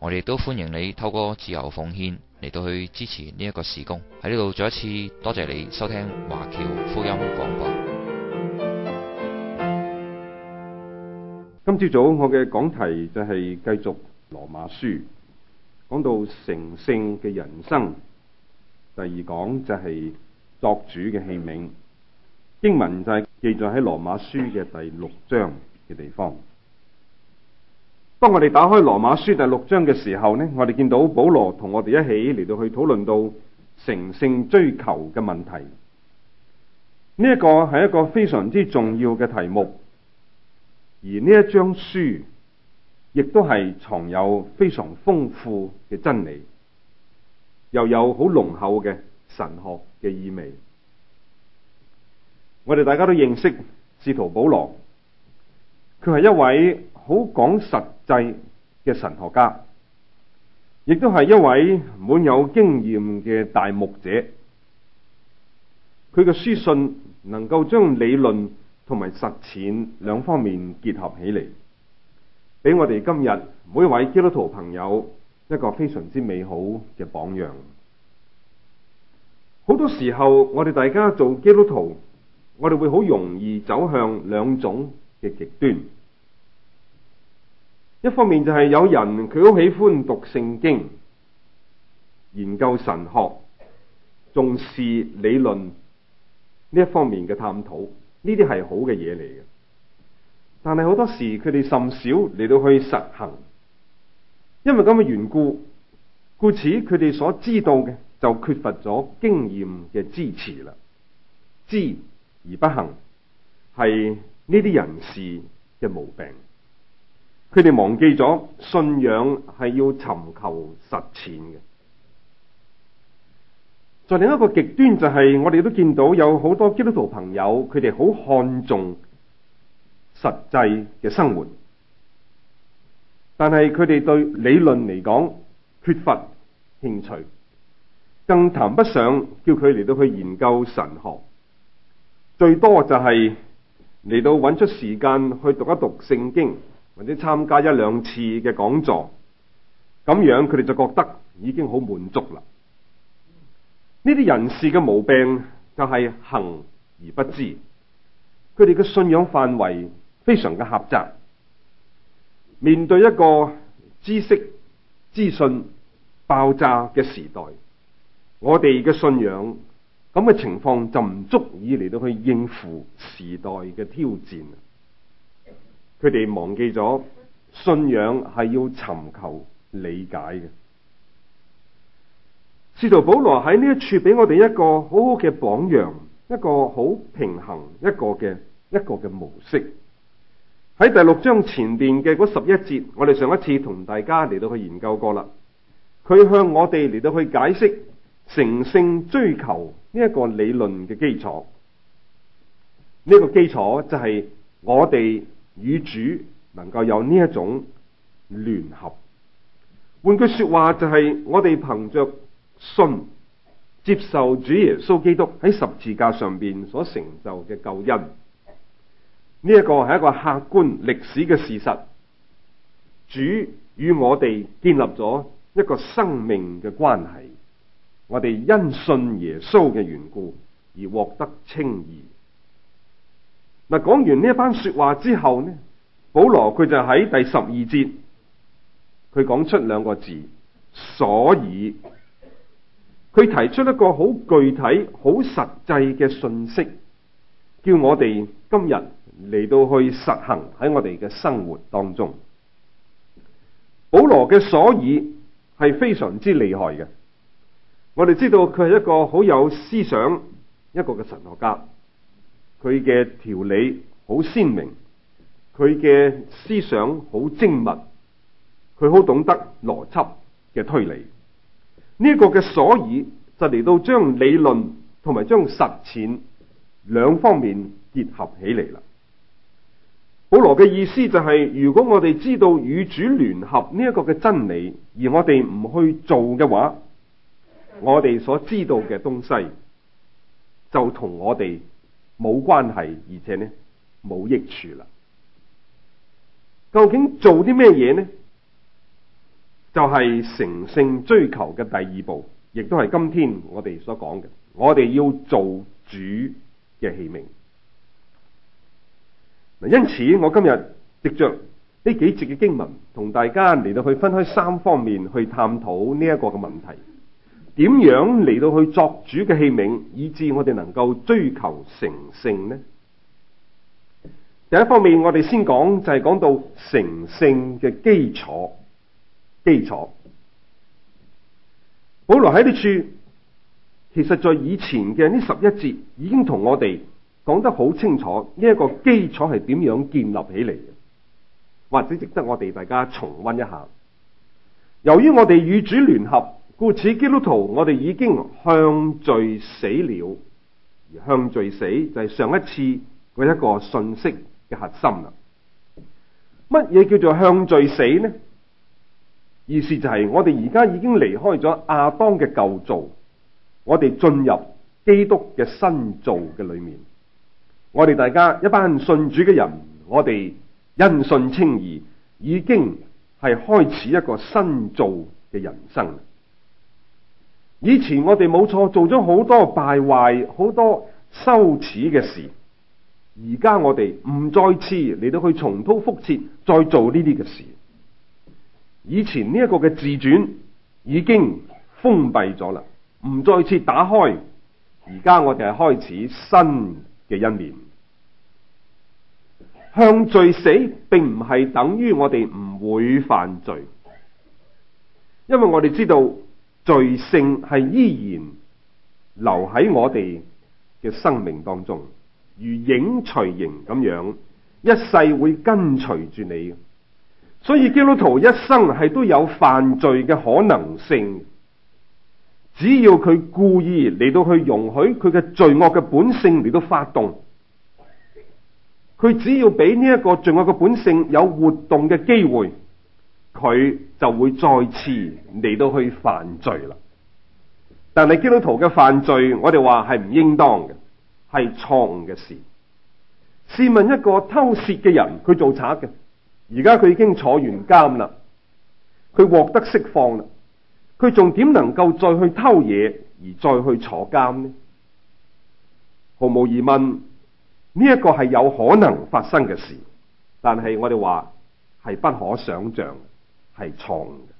我哋都歡迎你透過自由奉獻嚟到去支持呢一個事工。喺呢度再一次多謝你收聽華僑福音廣播。今朝早我嘅講題就係繼續羅馬書，講到成聖嘅人生。第二講就係作主嘅器皿，經文就係記載喺羅馬書嘅第六章嘅地方。當我哋打開羅馬書第六章嘅時候呢，我哋見到保羅同我哋一起嚟到去討論到成聖追求嘅問題。呢、這、一個係一個非常之重要嘅題目，而呢一章書亦都係藏有非常豐富嘅真理，又有好濃厚嘅神學嘅意味。我哋大家都認識使徒保羅，佢係一位好講實制嘅神學家，亦都係一位滿有經驗嘅大牧者。佢嘅書信能夠將理論同埋實踐兩方面結合起嚟，俾我哋今日每一位基督徒朋友一個非常之美好嘅榜樣。好多時候，我哋大家做基督徒，我哋會好容易走向兩種嘅極端。一方面就係有人佢好喜歡讀聖經、研究神學、重視理論呢一方面嘅探討，呢啲係好嘅嘢嚟嘅。但係好多時佢哋甚少嚟到去實行，因為咁嘅緣故，故此佢哋所知道嘅就缺乏咗經驗嘅支持啦。知而不行，係呢啲人士嘅毛病。佢哋忘記咗信仰係要尋求實踐嘅。在另一個極端就係我哋都見到有好多基督徒朋友，佢哋好看重實際嘅生活，但係佢哋對理論嚟講缺乏興趣，更談不上叫佢嚟到去研究神學。最多就係嚟到揾出時間去讀一讀聖經。或者參加一兩次嘅講座，咁樣佢哋就覺得已經好滿足啦。呢啲人士嘅毛病就係行而不知，佢哋嘅信仰範圍非常嘅狹窄。面對一個知識資訊爆炸嘅時代，我哋嘅信仰咁嘅情況就唔足以嚟到去應付時代嘅挑戰。佢哋忘記咗信仰係要尋求理解嘅。使徒保羅喺呢一處俾我哋一個好好嘅榜樣，一個好平衡一個嘅一個嘅模式。喺第六章前邊嘅嗰十一節，我哋上一次同大家嚟到去研究過啦。佢向我哋嚟到去解釋成聖追求呢一個理論嘅基礎，呢個基礎就係我哋。與主能夠有呢一種聯合，換句說話就係我哋憑着信接受主耶穌基督喺十字架上邊所成就嘅救恩，呢一個係一個客觀歷史嘅事實。主與我哋建立咗一個生命嘅關係，我哋因信耶穌嘅緣故而獲得稱義。嗱，講完呢一番說話之後呢，保羅佢就喺第十二節，佢講出兩個字：「所以」。佢提出一個好具體、好實際嘅信息，叫我哋今日嚟到去實行喺我哋嘅生活當中。保羅嘅所以係非常之厲害嘅，我哋知道佢係一個好有思想一個嘅神學家。佢嘅條理好鮮明，佢嘅思想好精密，佢好懂得邏輯嘅推理。呢一個嘅所以就嚟到將理論同埋將實踐兩方面結合起嚟啦。保羅嘅意思就係，如果我哋知道與主聯合呢一個嘅真理，而我哋唔去做嘅話，我哋所知道嘅東西就同我哋。冇關係，而且咧冇益處啦。究竟做啲咩嘢呢？就係、是、成聖追求嘅第二步，亦都係今天我哋所講嘅，我哋要做主嘅器皿。嗱，因此我今日藉着呢幾節嘅經文，同大家嚟到去分開三方面去探討呢一個嘅問題。點樣嚟到去作主嘅器皿，以致我哋能夠追求成聖呢？第一方面，我哋先講就係講到成聖嘅基礎，基礎。保羅喺呢處，其實在以前嘅呢十一節已經同我哋講得好清楚，呢一個基礎係點樣建立起嚟嘅，或者值得我哋大家重溫一下。由於我哋與主聯合。故此，基督徒，我哋已經向罪死了，而向罪死就係上一次嗰一個信息嘅核心啦。乜嘢叫做向罪死呢？意思就係我哋而家已經離開咗亞當嘅舊造，我哋進入基督嘅新造嘅裏面。我哋大家一班信主嘅人，我哋因信稱義，已經係開始一個新造嘅人生。以前我哋冇錯，做咗好多敗壞、好多羞恥嘅事。而家我哋唔再次嚟到去重蹈覆轍，再做呢啲嘅事。以前呢一個嘅自傳已經封閉咗啦，唔再次打開。而家我哋係開始新嘅一年，向罪死，並唔係等於我哋唔會犯罪，因為我哋知道。罪性係依然留喺我哋嘅生命當中，如影隨形咁樣，一世會跟隨住你。所以基督徒一生係都有犯罪嘅可能性，只要佢故意嚟到去容許佢嘅罪惡嘅本性嚟到發動，佢只要俾呢一個罪惡嘅本性有活動嘅機會。佢就會再次嚟到去犯罪啦。但係基督徒嘅犯罪，我哋話係唔應當嘅，係錯誤嘅事。試問一個偷竊嘅人，佢做賊嘅，而家佢已經坐完監啦，佢獲得釋放啦，佢仲點能夠再去偷嘢而再去坐監呢？毫無疑問，呢一個係有可能發生嘅事，但係我哋話係不可想象。係創嘅，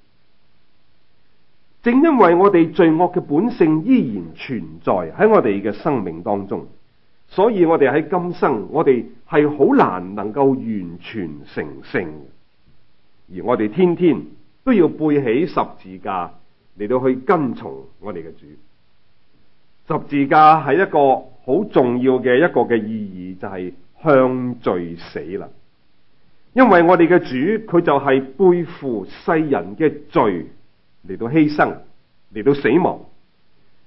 正因為我哋罪惡嘅本性依然存在喺我哋嘅生命當中，所以我哋喺今生，我哋係好難能夠完全成聖，而我哋天天都要背起十字架嚟到去跟從我哋嘅主。十字架係一個好重要嘅一個嘅意義，就係向罪死啦。因為我哋嘅主，佢就係背負世人嘅罪嚟到犧牲，嚟到死亡，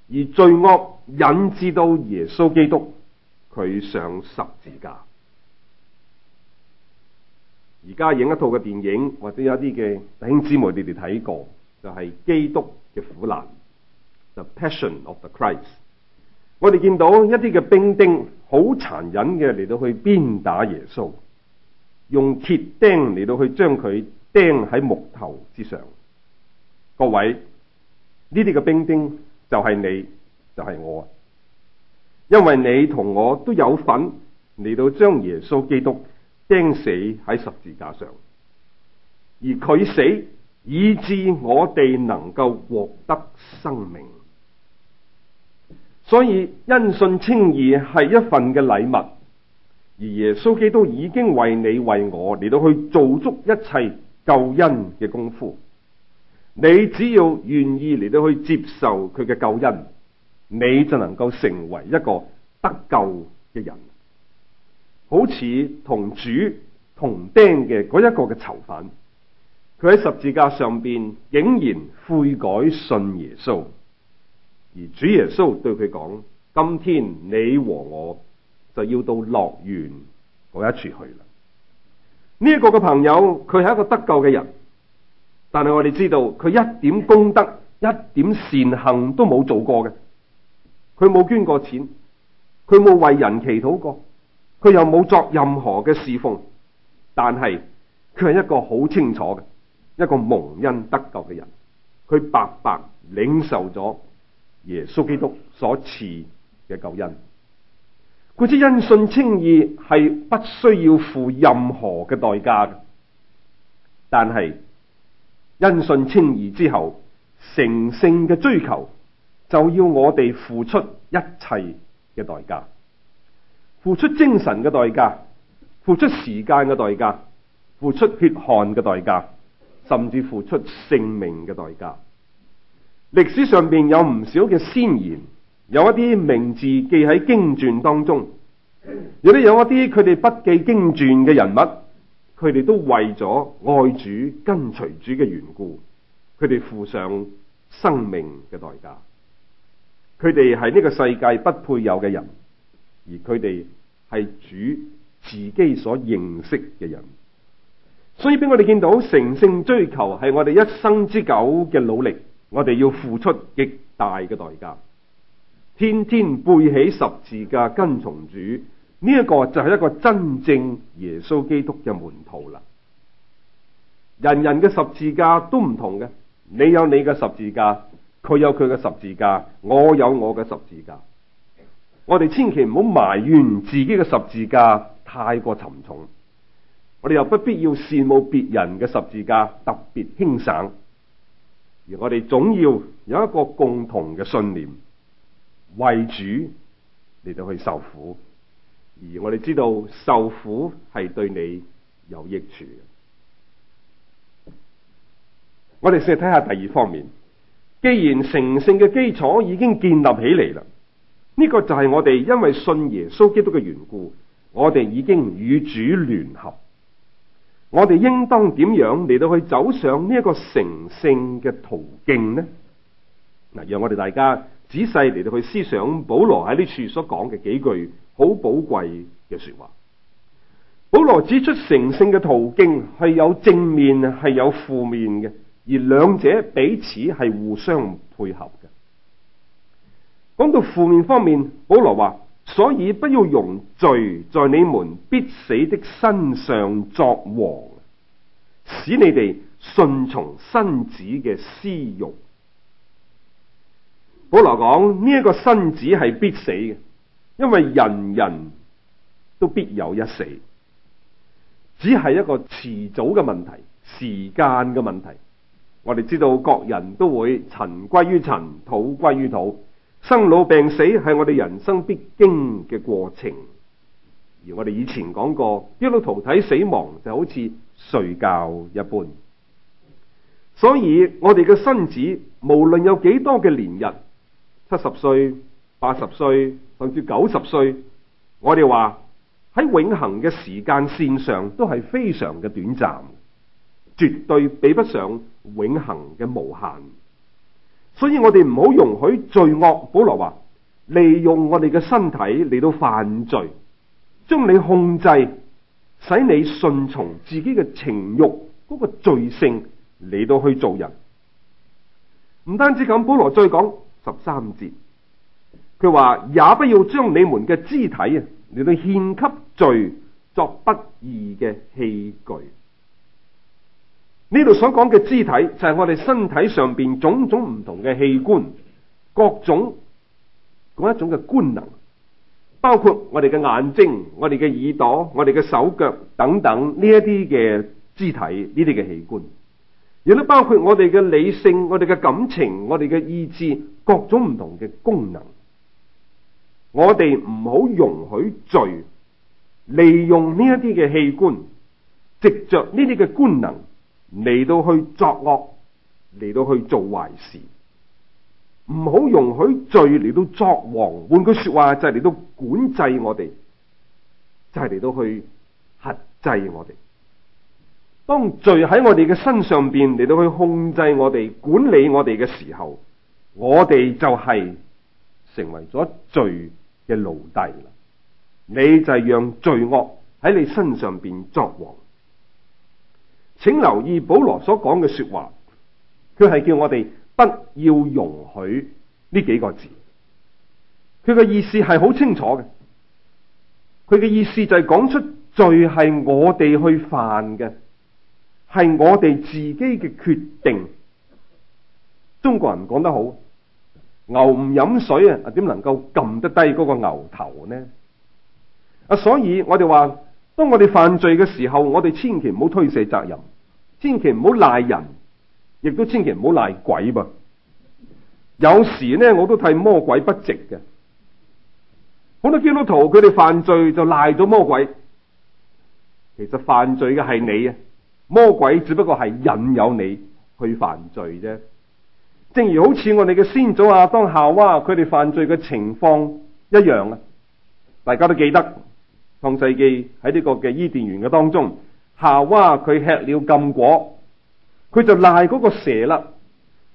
而罪惡引致到耶穌基督佢上十字架。而家影一套嘅電影，或者有一啲嘅弟兄姊妹你，你哋睇過就係、是《基督嘅苦難》（The Passion of the Christ）。我哋見到一啲嘅兵丁好殘忍嘅嚟到去鞭打耶穌。用鐵釘嚟到去將佢釘喺木頭之上，各位呢啲嘅兵丁就係你，就係我，因為你同我都有份嚟到將耶穌基督釘死喺十字架上，而佢死以致我哋能夠獲得生命，所以因信稱義係一份嘅禮物。而耶穌基督已經為你為我嚟到去做足一切救恩嘅功夫，你只要願意嚟到去接受佢嘅救恩，你就能夠成為一個得救嘅人。好似同主同釘嘅嗰一個嘅囚犯，佢喺十字架上邊竟然悔改信耶穌，而主耶穌對佢講：今天你和我。就要到樂園嗰一處去啦。呢、這、一個嘅朋友，佢係一個得救嘅人，但係我哋知道佢一點功德、一點善行都冇做過嘅，佢冇捐過錢，佢冇為人祈禱過，佢又冇作任何嘅侍奉，但係佢係一個好清楚嘅一個蒙恩得救嘅人，佢白白領受咗耶穌基督所賜嘅救恩。佢知因信稱義係不需要付任何嘅代價，但係因信稱義之後，成聖嘅追求就要我哋付出一切嘅代價，付出精神嘅代價，付出時間嘅代價，付出血汗嘅代價，甚至付出性命嘅代價。歷史上邊有唔少嘅先賢。有一啲名字記喺經傳當中，有啲有一啲佢哋不記經傳嘅人物，佢哋都為咗愛主跟隨主嘅緣故，佢哋付上生命嘅代價。佢哋係呢個世界不配有嘅人，而佢哋係主自己所認識嘅人，所以俾我哋見到，成聖追求係我哋一生之久嘅努力，我哋要付出極大嘅代價。天天背起十字架跟從主，呢一個就係一個真正耶穌基督嘅門徒啦。人人嘅十字架都唔同嘅，你有你嘅十字架，佢有佢嘅十字架，我有我嘅十字架。我哋千祈唔好埋怨自己嘅十字架太過沉重，我哋又不必要羨慕別人嘅十字架特別輕省，而我哋總要有一個共同嘅信念。為主嚟到去受苦，而我哋知道受苦係對你有益處。我哋試睇下第二方面，既然成聖嘅基礎已經建立起嚟啦，呢個就係我哋因為信耶穌基督嘅緣故，我哋已經與主聯合。我哋應當點樣嚟到去走上呢一個成聖嘅途徑呢？嗱，讓我哋大家。仔細嚟到去思想保羅喺呢處所講嘅幾句好寶貴嘅說話。保羅指出成，成聖嘅途徑係有正面，係有負面嘅，而兩者彼此係互相配合嘅。講到負面方面，保羅話：所以不要容罪在你們必死的身上作王，使你哋順從身子嘅私欲。保羅講呢一個身子係必死嘅，因為人人都必有一死，只係一個遲早嘅問題，時間嘅問題。我哋知道，各人都會塵歸於塵，土歸於土，生老病死係我哋人生必經嘅過程。而我哋以前講過，基督徒睇死亡就好似睡覺一般，所以我哋嘅身子無論有幾多嘅年日。七十歲、八十歲甚至九十歲，我哋話喺永恒嘅時間線上都係非常嘅短暫，絕對比不上永恒嘅無限。所以我哋唔好容許罪惡。保羅話：利用我哋嘅身體嚟到犯罪，將你控制，使你順從自己嘅情欲嗰個罪性嚟到去做人。唔單止咁，保羅再講。十三節，佢話，也不要將你們嘅肢體啊，嚟到獻給罪作不義嘅器具。呢度所講嘅肢體就係、是、我哋身體上邊種種唔同嘅器官，各種嗰一種嘅官能，包括我哋嘅眼睛、我哋嘅耳朵、我哋嘅手腳等等呢一啲嘅肢體呢啲嘅器官。亦都包括我哋嘅理性、我哋嘅感情、我哋嘅意志，各種唔同嘅功能。我哋唔好容許罪利用呢一啲嘅器官，藉着呢啲嘅官能嚟到去作惡，嚟到去做壞事。唔好容許罪嚟到作王，換句說話就係、是、嚟到管制我哋，就係、是、嚟到去克制我哋。當罪喺我哋嘅身上邊嚟到去控制我哋、管理我哋嘅時候，我哋就係成為咗罪嘅奴隸啦。你就係讓罪惡喺你身上邊作王。請留意保羅所講嘅說話，佢係叫我哋不要容許呢幾個字。佢嘅意思係好清楚嘅。佢嘅意思就係講出罪係我哋去犯嘅。係我哋自己嘅決定。中國人講得好，牛唔飲水啊，點能夠撳得低嗰個牛頭呢？啊，所以我哋話，當我哋犯罪嘅時候，我哋千祈唔好推卸責任，千祈唔好賴人，亦都千祈唔好賴鬼噃。有時呢，我都替魔鬼不值嘅。好多基督徒佢哋犯罪就賴咗魔鬼，其實犯罪嘅係你啊！魔鬼只不過係引誘你去犯罪啫，正如好似我哋嘅先祖亞當夏娃佢哋犯罪嘅情況一樣啊！大家都記得創世記喺呢個嘅伊甸園嘅當中，夏娃佢吃了禁果，佢就賴嗰個蛇啦。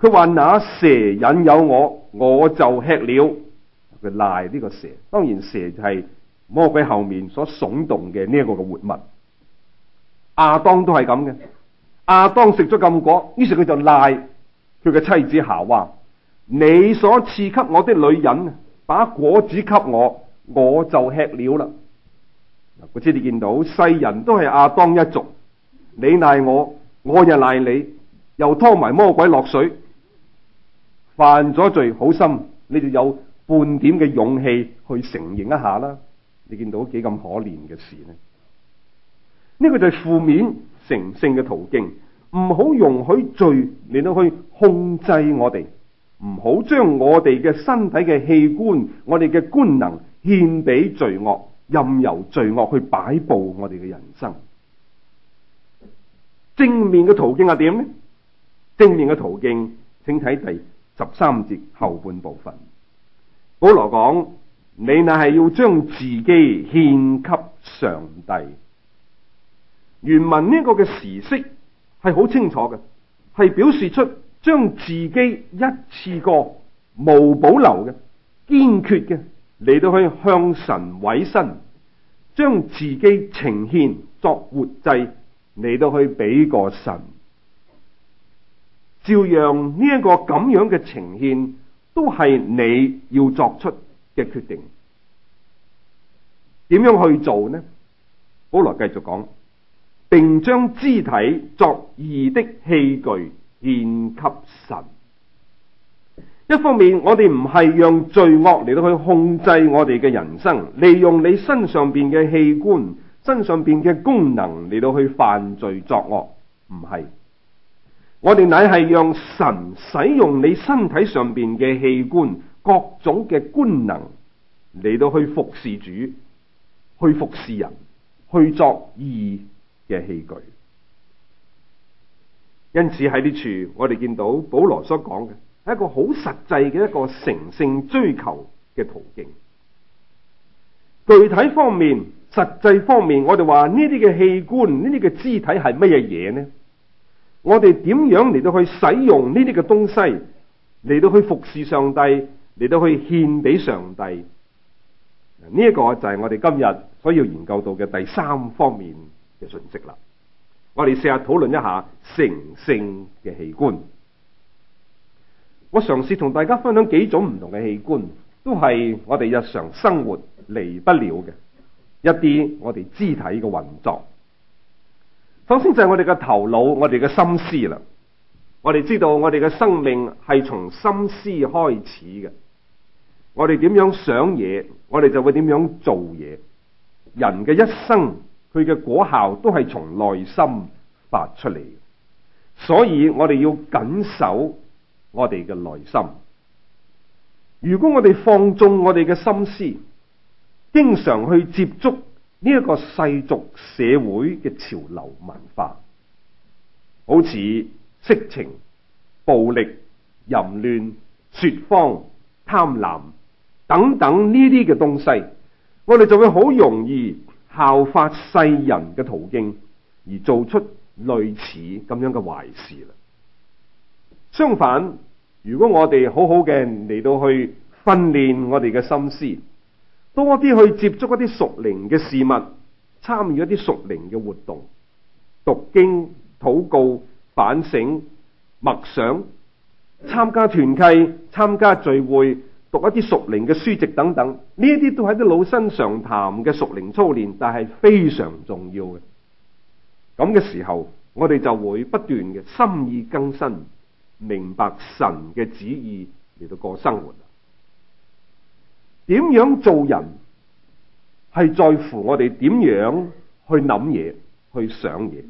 佢話：那蛇引誘我，我就吃了。佢賴呢個蛇，當然蛇就係魔鬼後面所聳動嘅呢一個嘅活物。阿當都係咁嘅，阿當食咗禁果，於是佢就賴佢嘅妻子夏娃話：你所賜給我的女人，把果子給我，我就吃了啦。嗱，好似你見到，世人都係阿當一族，你賴我，我又賴你，又拖埋魔鬼落水，犯咗罪好心，你就有半點嘅勇氣去承認一下啦？你見到幾咁可憐嘅事呢？呢個就係負面成聖嘅途徑，唔好容許罪嚟到去控制我哋，唔好將我哋嘅身體嘅器官、我哋嘅官能獻俾罪惡，任由罪惡去擺布我哋嘅人生。正面嘅途徑係點呢？正面嘅途徑，請睇第十三節後半部分。保羅講：你乃係要將自己獻給上帝。原文呢個嘅時式係好清楚嘅，係表示出將自己一次過無保留嘅堅決嘅嚟到去向神委身，將自己呈獻作活祭嚟到去俾個神，照樣呢一個咁樣嘅呈獻都係你要作出嘅決定，點樣去做呢？好羅，繼續講。並將肢體作義的器具獻給神。一方面，我哋唔係讓罪惡嚟到去控制我哋嘅人生，利用你身上邊嘅器官、身上邊嘅功能嚟到去犯罪作惡，唔係。我哋乃係讓神使用你身體上邊嘅器官、各種嘅官能嚟到去服侍主、去服侍人、去作義嘅器具，因此喺呢處，我哋見到保羅所講嘅係一個好實際嘅一個成聖追求嘅途徑。具體方面、實際方面，我哋話呢啲嘅器官、呢啲嘅肢體係乜嘢嘢呢？我哋點樣嚟到去使用呢啲嘅東西嚟到去服侍上帝，嚟到去獻俾上帝？呢一個就係我哋今日所要研究到嘅第三方面。嘅信息啦，我哋試下討論一下成聖嘅器皿。我嘗試同大家分享幾種唔同嘅器皿，都係我哋日常生活離不了嘅一啲我哋肢體嘅運作。首先就係我哋嘅頭腦，我哋嘅心思啦。我哋知道我哋嘅生命係從心思開始嘅。我哋點樣想嘢，我哋就會點樣做嘢。人嘅一生。佢嘅果效都係從內心發出嚟，所以我哋要謹守我哋嘅內心。如果我哋放縱我哋嘅心思，經常去接觸呢一個世俗社會嘅潮流文化，好似色情、暴力、淫亂、說謊、貪婪等等呢啲嘅東西，我哋就會好容易。效法世人嘅途徑而做出類似咁樣嘅壞事啦。相反，如果我哋好好嘅嚟到去訓練我哋嘅心思，多啲去接觸一啲屬靈嘅事物，參與一啲屬靈嘅活動，讀經、禱告、反省、默想、參加團契、參加聚會。讀一啲熟齡嘅書籍等等，呢一啲都係啲老生常談嘅熟齡操練，但係非常重要嘅。咁嘅時候，我哋就會不斷嘅心意更新，明白神嘅旨意嚟到過生活。點樣做人，係在乎我哋點樣去諗嘢、去想嘢。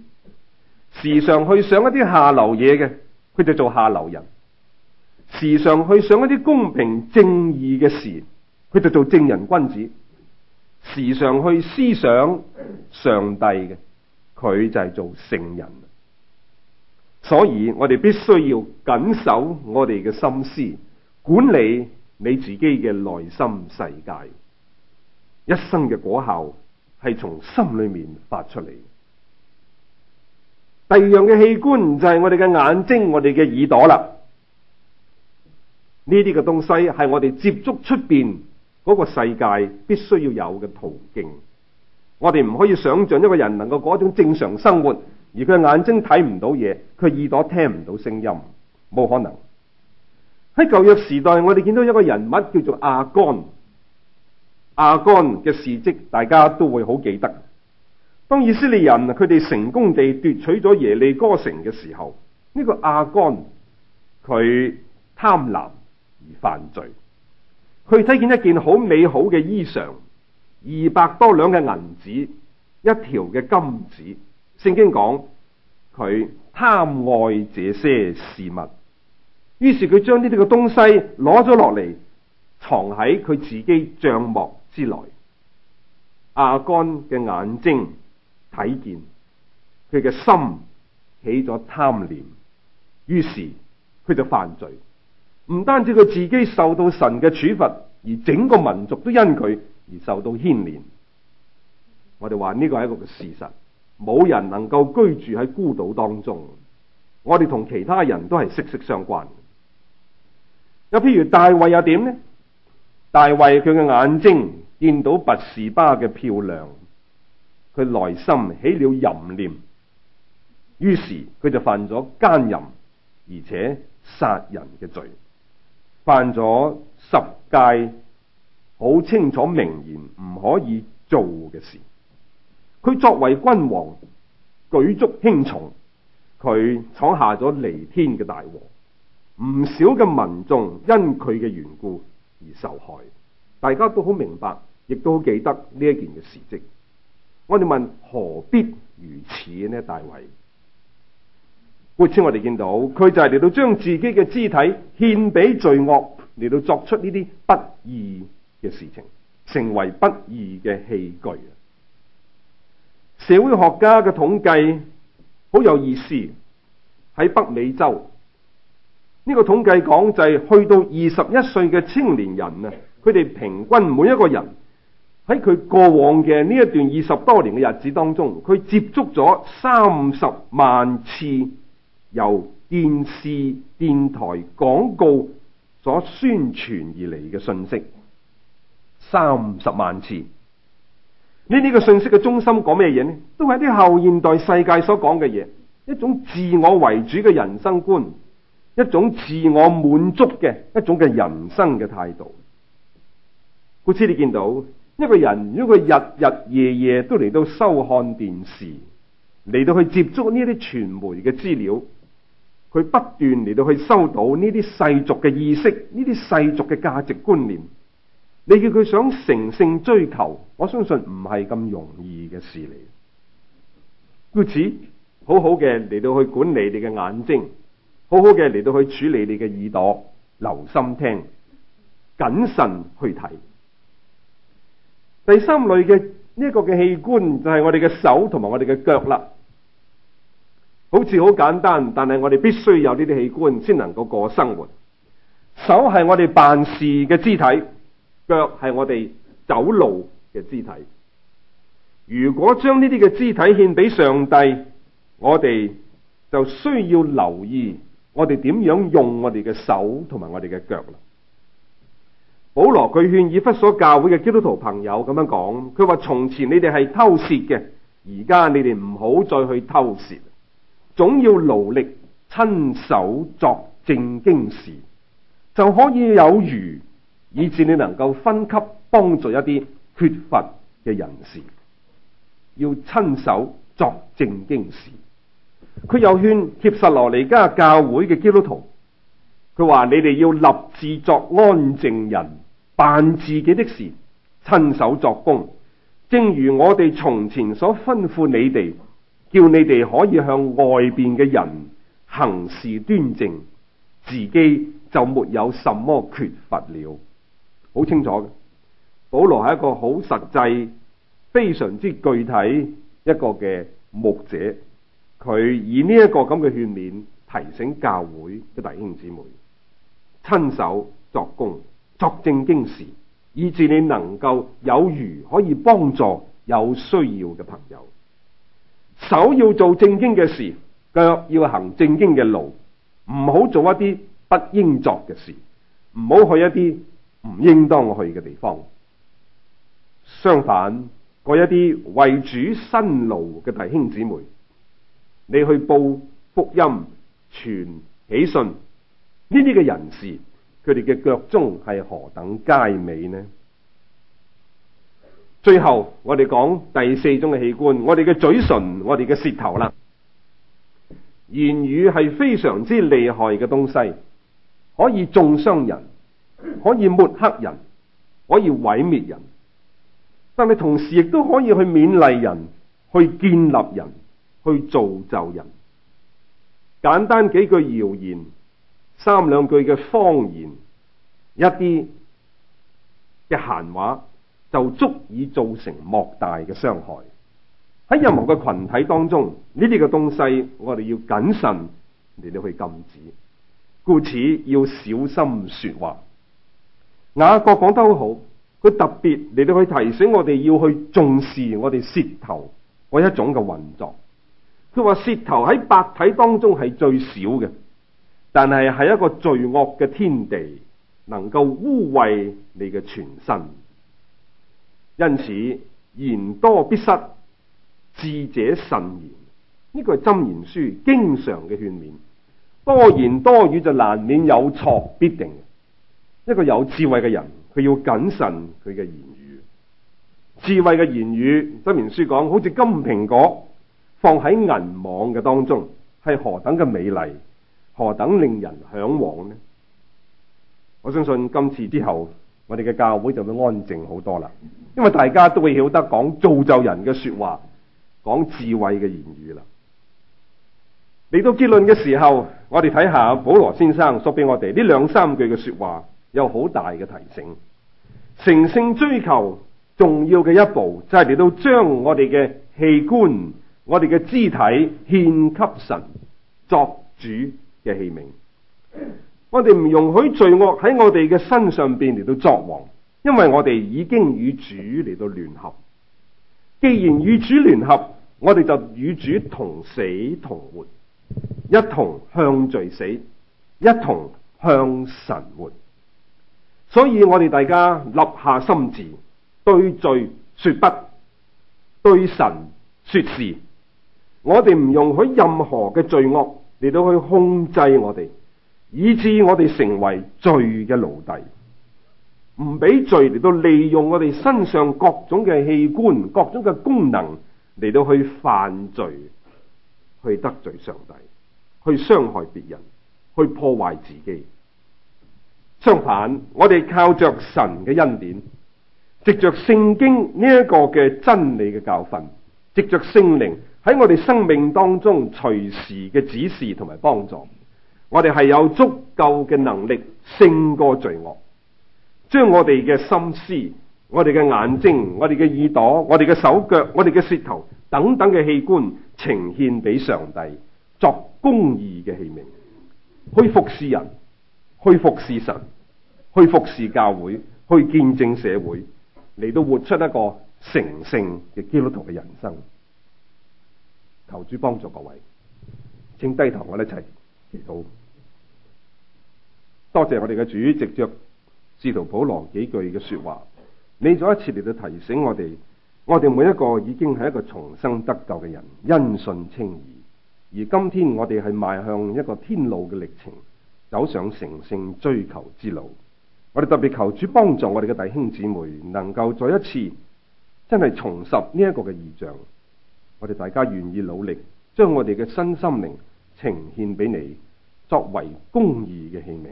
時常去想一啲下流嘢嘅，佢就做下流人。時常去想一啲公平正義嘅事，佢就做正人君子；時常去思想上帝嘅，佢就係做聖人。所以我哋必須要謹守我哋嘅心思，管理你自己嘅內心世界。一生嘅果效係從心裏面發出嚟。第二樣嘅器官就係我哋嘅眼睛、我哋嘅耳朵啦。呢啲嘅東西係我哋接觸出邊嗰個世界必須要有嘅途徑。我哋唔可以想象一個人能夠過一種正常生活，而佢眼睛睇唔到嘢，佢耳朵聽唔到聲音，冇可能。喺舊約時代，我哋見到一個人物叫做亞幹。亞幹嘅事蹟大家都會好記得。當以色列人佢哋成功地奪取咗耶利哥城嘅時候，呢個亞幹，佢貪婪。犯罪，佢睇見一件好美好嘅衣裳，二百多兩嘅銀子，一條嘅金子。聖經講，佢貪愛這些事物，於是佢將呢啲嘅東西攞咗落嚟，藏喺佢自己帳幕之內。亞幹嘅眼睛睇見，佢嘅心起咗貪念，於是佢就犯罪。唔單止佢自己受到神嘅處罰，而整個民族都因佢而受到牽連。我哋話呢個係一個事實，冇人能夠居住喺孤島當中。我哋同其他人都係息息相關。又譬如大衛又點呢？大衛佢嘅眼睛見到拔士巴嘅漂亮，佢內心起了淫念，於是佢就犯咗奸淫而且殺人嘅罪。犯咗十戒，好清楚明言唔可以做嘅事。佢作為君王，舉足輕重，佢闖下咗彌天嘅大禍，唔少嘅民眾因佢嘅緣故而受害。大家都好明白，亦都好記得呢一件嘅事蹟。我哋問何必如此呢？大衛？每次我哋見到佢就係嚟到將自己嘅肢體獻俾罪惡，嚟到作出呢啲不義嘅事情，成為不義嘅器具。社會學家嘅統計好有意思，喺北美洲呢個統計講就係去到二十一歲嘅青年人啊，佢哋平均每一個人喺佢過往嘅呢一段二十多年嘅日子當中，佢接觸咗三十萬次。由電視、電台、廣告所宣傳而嚟嘅信息，三十萬次。呢、這、呢個信息嘅中心講咩嘢呢？都係啲後現代世界所講嘅嘢，一種自我為主嘅人生觀，一種自我滿足嘅一種嘅人生嘅態度。好似你見到一個人，如果佢日日夜夜都嚟到收看電視，嚟到去接觸呢啲傳媒嘅資料。佢不斷嚟到去收到呢啲世俗嘅意識，呢啲世俗嘅價值觀念，你叫佢想成聖追求，我相信唔係咁容易嘅事嚟。故此，好好嘅嚟到去管理你嘅眼睛，好好嘅嚟到去處理你嘅耳朵，留心聽，謹慎去睇。第三類嘅呢一個嘅器官就係、是、我哋嘅手同埋我哋嘅腳啦。好似好簡單，但係我哋必須有呢啲器官先能夠過生活。手係我哋辦事嘅肢體，腳係我哋走路嘅肢體。如果將呢啲嘅肢體獻俾上帝，我哋就需要留意我哋點樣用我哋嘅手同埋我哋嘅腳啦。保羅佢勸以弗所教會嘅基督徒朋友咁樣講，佢話：從前你哋係偷竊嘅，而家你哋唔好再去偷竊。總要勞力親手作正經事，就可以有餘，以至你能夠分給幫助一啲缺乏嘅人士。要親手作正經事，佢又勸帖撒羅尼加教會嘅基督徒，佢話：你哋要立志作安靜人，辦自己的事，親手作工，正如我哋從前所吩咐你哋。叫你哋可以向外邊嘅人行事端正，自己就沒有什麼缺乏了。好清楚嘅。保羅係一個好實際、非常之具體一個嘅牧者，佢以呢一個咁嘅勸勉提醒教會嘅弟兄姊妹，親手作工、作正經事，以至你能夠有餘可以幫助有需要嘅朋友。手要做正經嘅事，腳要行正經嘅路，唔好做一啲不應作嘅事，唔好去一啲唔應當去嘅地方。相反，嗰一啲為主辛勞嘅弟兄姊妹，你去報福音、傳喜訊，呢啲嘅人士，佢哋嘅腳蹤係何等佳美呢？最後我哋講第四種嘅器官，我哋嘅嘴唇，我哋嘅舌頭啦。言語係非常之厲害嘅東西，可以重傷人，可以抹黑人，可以毀滅人，但係同時亦都可以去勉勵人，去建立人，去造就人。簡單幾句謠言，三兩句嘅謊言，一啲嘅閒話。就足以造成莫大嘅傷害。喺任何嘅群體當中，呢啲嘅東西，我哋要謹慎，嚟到去禁止。故此要小心說話。雅各講得好好，佢特別嚟到去提醒我哋要去重視我哋舌頭，一種嘅運作。佢話舌頭喺百體當中係最少嘅，但係係一個罪惡嘅天地，能夠污穢你嘅全身。因此，言多必失，智者慎言。呢個係《箴言書》經常嘅勸勉。多言多語就難免有錯，必定。一個有智慧嘅人，佢要謹慎佢嘅言語。智慧嘅言語，《箴言書》講，好似金蘋果放喺銀網嘅當中，係何等嘅美麗，何等令人向往呢？我相信今次之後。我哋嘅教會就會安靜好多啦，因為大家都會曉得講造就人嘅說話，講智慧嘅言語啦。嚟到結論嘅時候，我哋睇下保羅先生所俾我哋呢兩三句嘅說話，有好大嘅提醒。成聖追求重要嘅一步，就係嚟到將我哋嘅器官、我哋嘅肢體獻給神作主嘅器皿。我哋唔容許罪惡喺我哋嘅身上邊嚟到作王，因為我哋已經與主嚟到聯合。既然與主聯合，我哋就與主同死同活，一同向罪死，一同向神活。所以我哋大家立下心志，對罪說不，對神說是。我哋唔容許任何嘅罪惡嚟到去控制我哋。以至我哋成為罪嘅奴隸，唔俾罪嚟到利用我哋身上各種嘅器官、各種嘅功能嚟到去犯罪、去得罪上帝、去傷害別人、去破壞自己。相反，我哋靠着神嘅恩典，藉着聖經呢一個嘅真理嘅教訓，藉着聖靈喺我哋生命當中隨時嘅指示同埋幫助。我哋係有足夠嘅能力勝過罪惡，將我哋嘅心思、我哋嘅眼睛、我哋嘅耳朵、我哋嘅手腳、我哋嘅舌頭等等嘅器官呈獻俾上帝作公義嘅器皿，去服侍人，去服侍神，去服侍教會，去見證社會，嚟到活出一個成聖嘅基督徒嘅人生。求主幫助各位，請低頭我一齊。道，多謝我哋嘅主，藉着使徒保羅幾句嘅說話，你再一次嚟到提醒我哋，我哋每一個已經係一個重生得救嘅人，因信稱義。而今天我哋係邁向一個天路嘅歷程，走上成聖追求之路。我哋特別求主幫助我哋嘅弟兄姊妹，能夠再一次真係重拾呢一個嘅異象。我哋大家願意努力，將我哋嘅新心靈呈獻俾你。作為公義嘅器皿，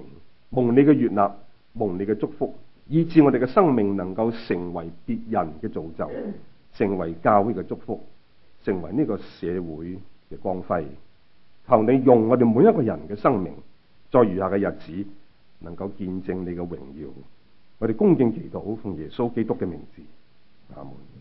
蒙你嘅悅納，蒙你嘅祝福，以致我哋嘅生命能夠成為別人嘅造就，成為教會嘅祝福，成為呢個社會嘅光輝。求你用我哋每一個人嘅生命，在餘下嘅日子，能夠見證你嘅榮耀。我哋恭敬祈禱，好奉耶穌基督嘅名字，阿門。